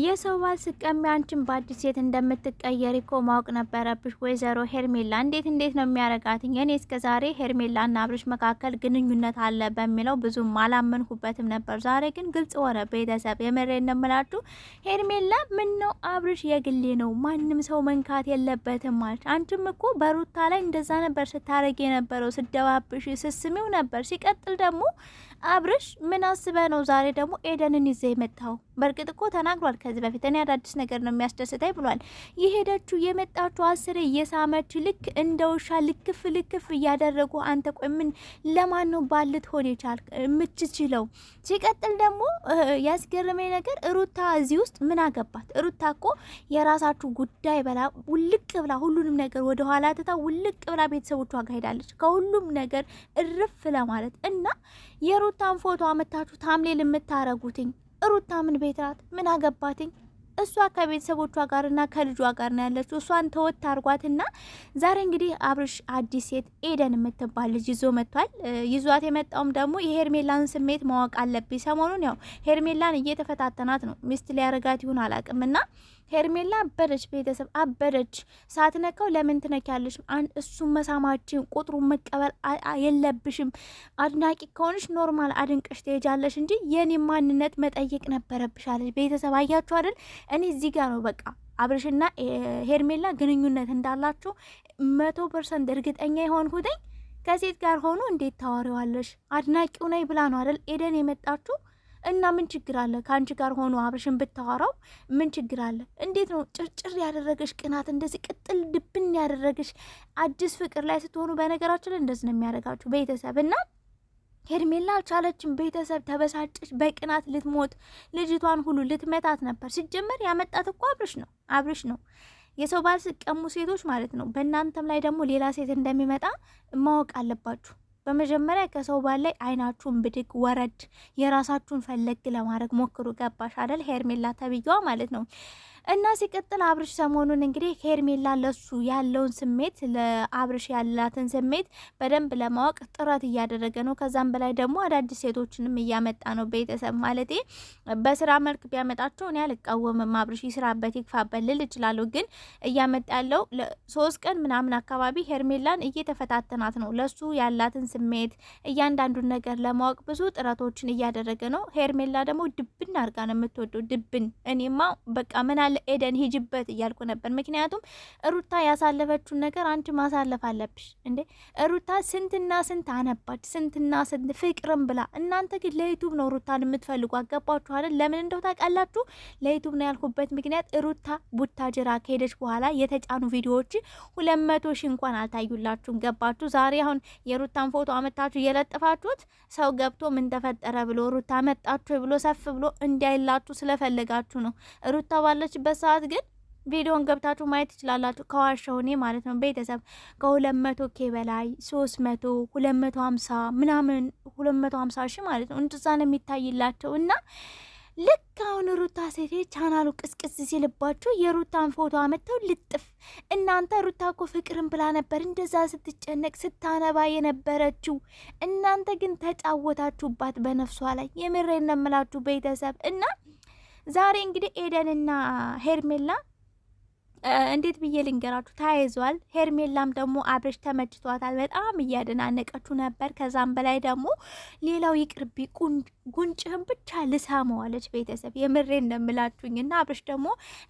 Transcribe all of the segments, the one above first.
የሰው ባል ስቀሚ አንቺን በአዲስ ሴት እንደምትቀየሪ እኮ ማወቅ ነበረብሽ ወይዘሮ ሄርሜላ። እንዴት እንዴት ነው የሚያረጋት? እኔ እስከ ዛሬ ሄርሜላና አብርሽ መካከል ግንኙነት አለ በሚለው ብዙም አላመንኩበትም ነበር። ዛሬ ግን ግልጽ ሆነ። ቤተሰብ የምሬ ነው ሄርሜላ ምን ነው አብርሽ የግሌ ነው፣ ማንም ሰው መንካት የለበትም ማለት። አንቺም እኮ በሩታ ላይ እንደዛ ነበር ስታረግ የነበረው፣ ስደባብሽ ስስሚው ነበር። ሲቀጥል ደግሞ አብርሽ ምን አስበ ነው ዛሬ ደግሞ ኤደንን ይዘ የመጣው? በእርግጥ እኮ ተናግሯል ከዚህ በፊት እኔ አዳዲስ ነገር ነው የሚያስደስተኝ ብሏል። የሄደችው የመጣችው አስሬ የሳመች ልክ እንደ ውሻ ልክፍ ልክፍ እያደረጉ አንተ ቆይ ምን ለማን ነው ባልት ሆን ይቻል የምትችለው? ሲቀጥል ደግሞ ያስገረመኝ ነገር ሩታ እዚህ ውስጥ ምን አገባት? ሩታ እኮ የራሳችሁ ጉዳይ በላ ውልቅ ብላ ሁሉንም ነገር ወደ ኋላ ትታ ውልቅ ብላ ቤተሰቦቿ ጋር ሄዳለች ከሁሉም ነገር እርፍ ለማለት እና የሩታን ፎቶ አመታችሁ ታምሌ የምታረጉትኝ። ሩታ ምን ቤት ናት? ምን አገባትኝ? እሷ ከቤተሰቦቿ ጋርና ከልጇ ጋር ነው ያለችው። እሷን ተወት አርጓትና ዛሬ እንግዲህ አብርሽ አዲስ ሴት ኤደን የምትባል ልጅ ይዞ መጥቷል። ይዟት የመጣውም ደግሞ የሄርሜላን ስሜት ማወቅ አለብኝ። ሰሞኑን ያው ሄርሜላን እየተፈታተናት ነው። ሚስት ሊያረጋት ይሁን አላቅምና ሄርሜላ አበደች፣ ቤተሰብ አበደች። ሳትነካው ለምን ትነኪያለሽ? እሱን መሳማችን ቁጥሩን መቀበል የለብሽም። አድናቂ ከሆንሽ ኖርማል አድንቀሽ ትሄጃለሽ እንጂ የኔ ማንነት መጠየቅ ነበረብሻለች። ቤተሰብ አያችሁ አይደል? እኔ እዚህ ጋር ነው በቃ አብርሽና ሄርሜላ ግንኙነት እንዳላችሁ መቶ ፐርሰንት እርግጠኛ የሆንኩትኝ ከሴት ጋር ሆኖ እንዴት ታዋሪዋለሽ? አድናቂው ነይ ብላ ነው አይደል ኤደን የመጣችሁ እና ምን ችግር አለ? ከአንቺ ጋር ሆኖ አብርሽን ብታወራው ምን ችግር አለ? እንዴት ነው ጭርጭር ያደረገሽ ቅናት፣ እንደዚህ ቅጥል ድብን ያደረገሽ? አዲስ ፍቅር ላይ ስትሆኑ በነገራችን ላይ እንደዚህ ነው የሚያደርጋችሁ ቤተሰብ እና ሄርሜላ አልቻለችም። ቤተሰብ ተበሳጨች። በቅናት ልትሞት ልጅቷን ሁሉ ልትመታት ነበር። ሲጀመር ያመጣት እኮ አብርሽ ነው አብርሽ ነው። የሰው ባል ስቀሙ ሴቶች ማለት ነው። በእናንተም ላይ ደግሞ ሌላ ሴት እንደሚመጣ ማወቅ አለባችሁ። በመጀመሪያ ከሰው ባል ላይ አይናችሁን ብድግ ወረድ፣ የራሳችሁን ፈለግ ለማድረግ ሞክሩ። ገባሽ አደል ሄርሜላ ተብዬዋ ማለት ነው። እና ሲቀጥል አብርሽ ሰሞኑን እንግዲህ ሄርሜላ ለሱ ያለውን ስሜት ለአብርሽ ያላትን ስሜት በደንብ ለማወቅ ጥረት እያደረገ ነው። ከዛም በላይ ደግሞ አዳዲስ ሴቶችንም እያመጣ ነው። ቤተሰብ ማለቴ በስራ መልክ ቢያመጣቸው እኔ አልቃወምም። አብርሽ ይስራበት ይግፋበት ልል እችላለሁ። ግን እያመጣ ያለው ሶስት ቀን ምናምን አካባቢ ሄርሜላን እየተፈታተናት ነው። ለሱ ያላትን ስሜት እያንዳንዱን ነገር ለማወቅ ብዙ ጥረቶችን እያደረገ ነው። ሄርሜላ ደግሞ ድብን አድርጋ ነው የምትወደው። ድብን እኔማ በቃ ምን ካለ ኤደን ሂጅበት እያልኩ ነበር። ምክንያቱም ሩታ ያሳለፈችውን ነገር አንቺ ማሳለፍ አለብሽ እንዴ። ሩታ ስንትና ስንት አነባች፣ ስንትና ስንት ፍቅርም ብላ። እናንተ ግን ለዩቱብ ነው ሩታን የምትፈልጉ። አገባችሁ ለምን እንደው ታውቃላችሁ። ለዩቱብ ነው ያልኩበት ምክንያት ሩታ ቡታጅራ ከሄደች በኋላ የተጫኑ ቪዲዮዎች ሁለት መቶ እንኳን አልታዩላችሁም። ገባችሁ? ዛሬ አሁን የሩታን ፎቶ አመጣችሁ እየለጠፋችሁት ሰው ገብቶ ምን ተፈጠረ ብሎ ሩታ መጣችሁ ብሎ ሰፍ ብሎ እንዲያይላችሁ ስለፈለጋችሁ ነው ሩታ ባለች በምትልበት ሰዓት ግን ቪዲዮን ገብታችሁ ማየት ትችላላችሁ። ከዋሻው እኔ ማለት ነው ቤተሰብ ከሁለት መቶ ኬ በላይ ሶስት መቶ ሁለት መቶ ሀምሳ ምናምን ሁለት መቶ ሀምሳ ሺ ማለት ነው እንደዛ ነው የሚታይላቸው እና ልክ አሁን ሩታ ሴቴ ቻናሉ ቅስቅስ ሲልባችሁ የሩታን ፎቶ አመጥተው ልጥፍ። እናንተ ሩታ እኮ ፍቅርን ብላ ነበር እንደዛ ስትጨነቅ ስታነባ የነበረችው። እናንተ ግን ተጫወታችሁባት በነፍሷ ላይ። የምሬን ነው ቤተሰብ እና ዛሬ እንግዲህ ኤደንና ሄርሜላ እንዴት ብዬ ልንገራችሁ ተያይዟል። ሄርሜላም ደግሞ አብረሽ ተመችቷታል፣ በጣም እያደናነቀችው ነበር። ከዛም በላይ ደግሞ ሌላው ይቅርቢ ጉንጭህን ብቻ ልሳመዋለች። ቤተሰብ የምሬ እንደምላችሁኝ እና አብረሽ ደግሞ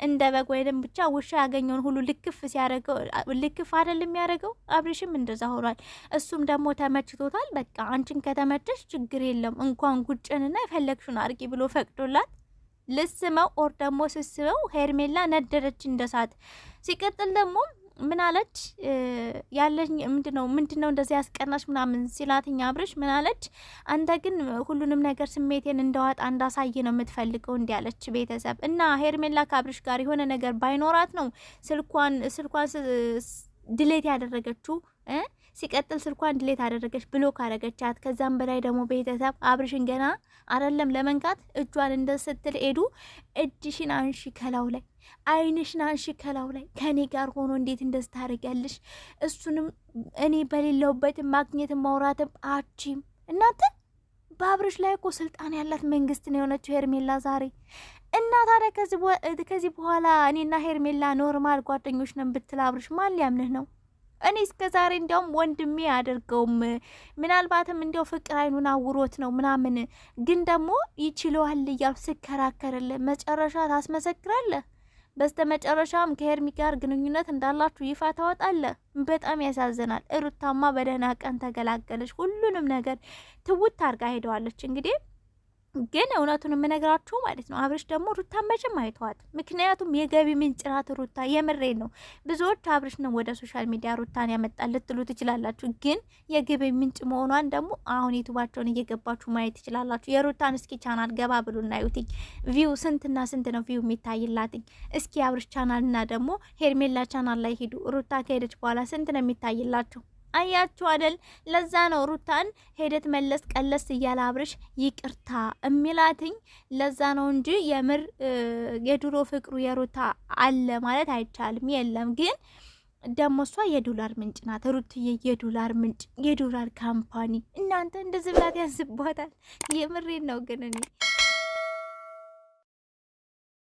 እንደ በግ ወይንም ብቻ ውሻ ያገኘውን ሁሉ ልክፍ ሲያደርገው ልክፍ አይደል የሚያደርገው። አብረሽም እንደዛ ሆኗል። እሱም ደግሞ ተመችቶታል። በቃ አንቺን ከተመቸሽ ችግር የለም እንኳን ጉንጭንና የፈለግሽውን አርጊ ብሎ ፈቅዶላት ልስመው ኦር ደግሞ ስስበው ሄርሜላ ነደረች እንደሳት። ሲቀጥል ደግሞ ምን አለች ያለኝ ምንድነው ምንድነው እንደዚህ ያስቀናሽ ምናምን ሲላትኛ አብርሽ ምን አለች አንተ ግን ሁሉንም ነገር ስሜቴን እንደዋጣ እንዳሳይ ነው የምትፈልገው እንዲ ያለች ቤተሰብ እና ሄርሜላ ከአብርሽ ጋር የሆነ ነገር ባይኖራት ነው ስልኳን ስልኳን ድሌት ያደረገችው። ሲቀጥል ስልኳን ድሌት አደረገች ብሎ አደረገቻት። ከዛም በላይ ደግሞ ቤተሰብ አብርሽን ገና አረለም ለመንካት እጇን እንደ ስትል ሄዱ እጅሽን አንሺ ከላው ላይ አይንሽን አንሺ ከላው ላይ ከእኔ ጋር ሆኖ እንዴት እንደዚ ታደርጊያለሽ? እሱንም እኔ በሌለውበትም ማግኘትም ማውራትም አቺም እናንተ በአብርሽ ላይ እኮ ስልጣን ያላት መንግስት ነው የሆነችው ሄርሜላ ዛሬ እና ታዲያ ከዚህ በኋላ እኔና ሄርሜላ ኖርማል ጓደኞች ነን ብትል አብርሽ ማን ሊያምንህ ነው? እኔ እስከ ዛሬ እንዲያውም ወንድሜ አደርገውም ምናልባትም እንዲያው ፍቅር አይኑን አውሮት ነው ምናምን፣ ግን ደግሞ ይችለዋል እያሉ ስከራከርልህ መጨረሻ ታስመሰክራለህ። በስተ መጨረሻም ከሄርሚ ጋር ግንኙነት እንዳላችሁ ይፋ ታወጣለህ። በጣም ያሳዝናል። እሩታማ በደህና ቀን ተገላገለች። ሁሉንም ነገር ትውት አርጋ ሄደዋለች እንግዲህ ግን እውነቱን የምነግራችሁ ማለት ነው አብርሽ ደግሞ ሩታ መቼም አይተዋት። ምክንያቱም የገቢ ምንጭ ናት ሩታ። የምሬ ነው። ብዙዎች አብርሽ ነው ወደ ሶሻል ሚዲያ ሩታን ያመጣ ልትሉ ትችላላችሁ። ግን የገቢ ምንጭ መሆኗን ደግሞ አሁን ዩቱባቸውን እየገባችሁ ማየት ትችላላችሁ። የሩታን እስኪ ቻናል ገባ ብሉ እናዩትኝ። ቪው ስንትና ስንት ነው ቪው የሚታይላትኝ? እስኪ አብርሽ እና ደግሞ ሄርሜላ ቻናል ላይ ሂዱ። ሩታ ከሄደች በኋላ ስንት ነው የሚታይላችሁ? አያችሁ አደል? ለዛ ነው ሩታን ሄደት መለስ ቀለስ እያለ አብርሽ ይቅርታ እሚላትኝ ለዛ ነው እንጂ የምር የድሮ ፍቅሩ የሩታ አለ ማለት አይቻልም። የለም ግን ደግሞ እሷ የዶላር ምንጭ ናት። ሩትዬ የዶላር ምንጭ፣ የዶላር ካምፓኒ። እናንተ እንደዚህ ብላት ያስቧታል። የምሬን ነው ግን እኔ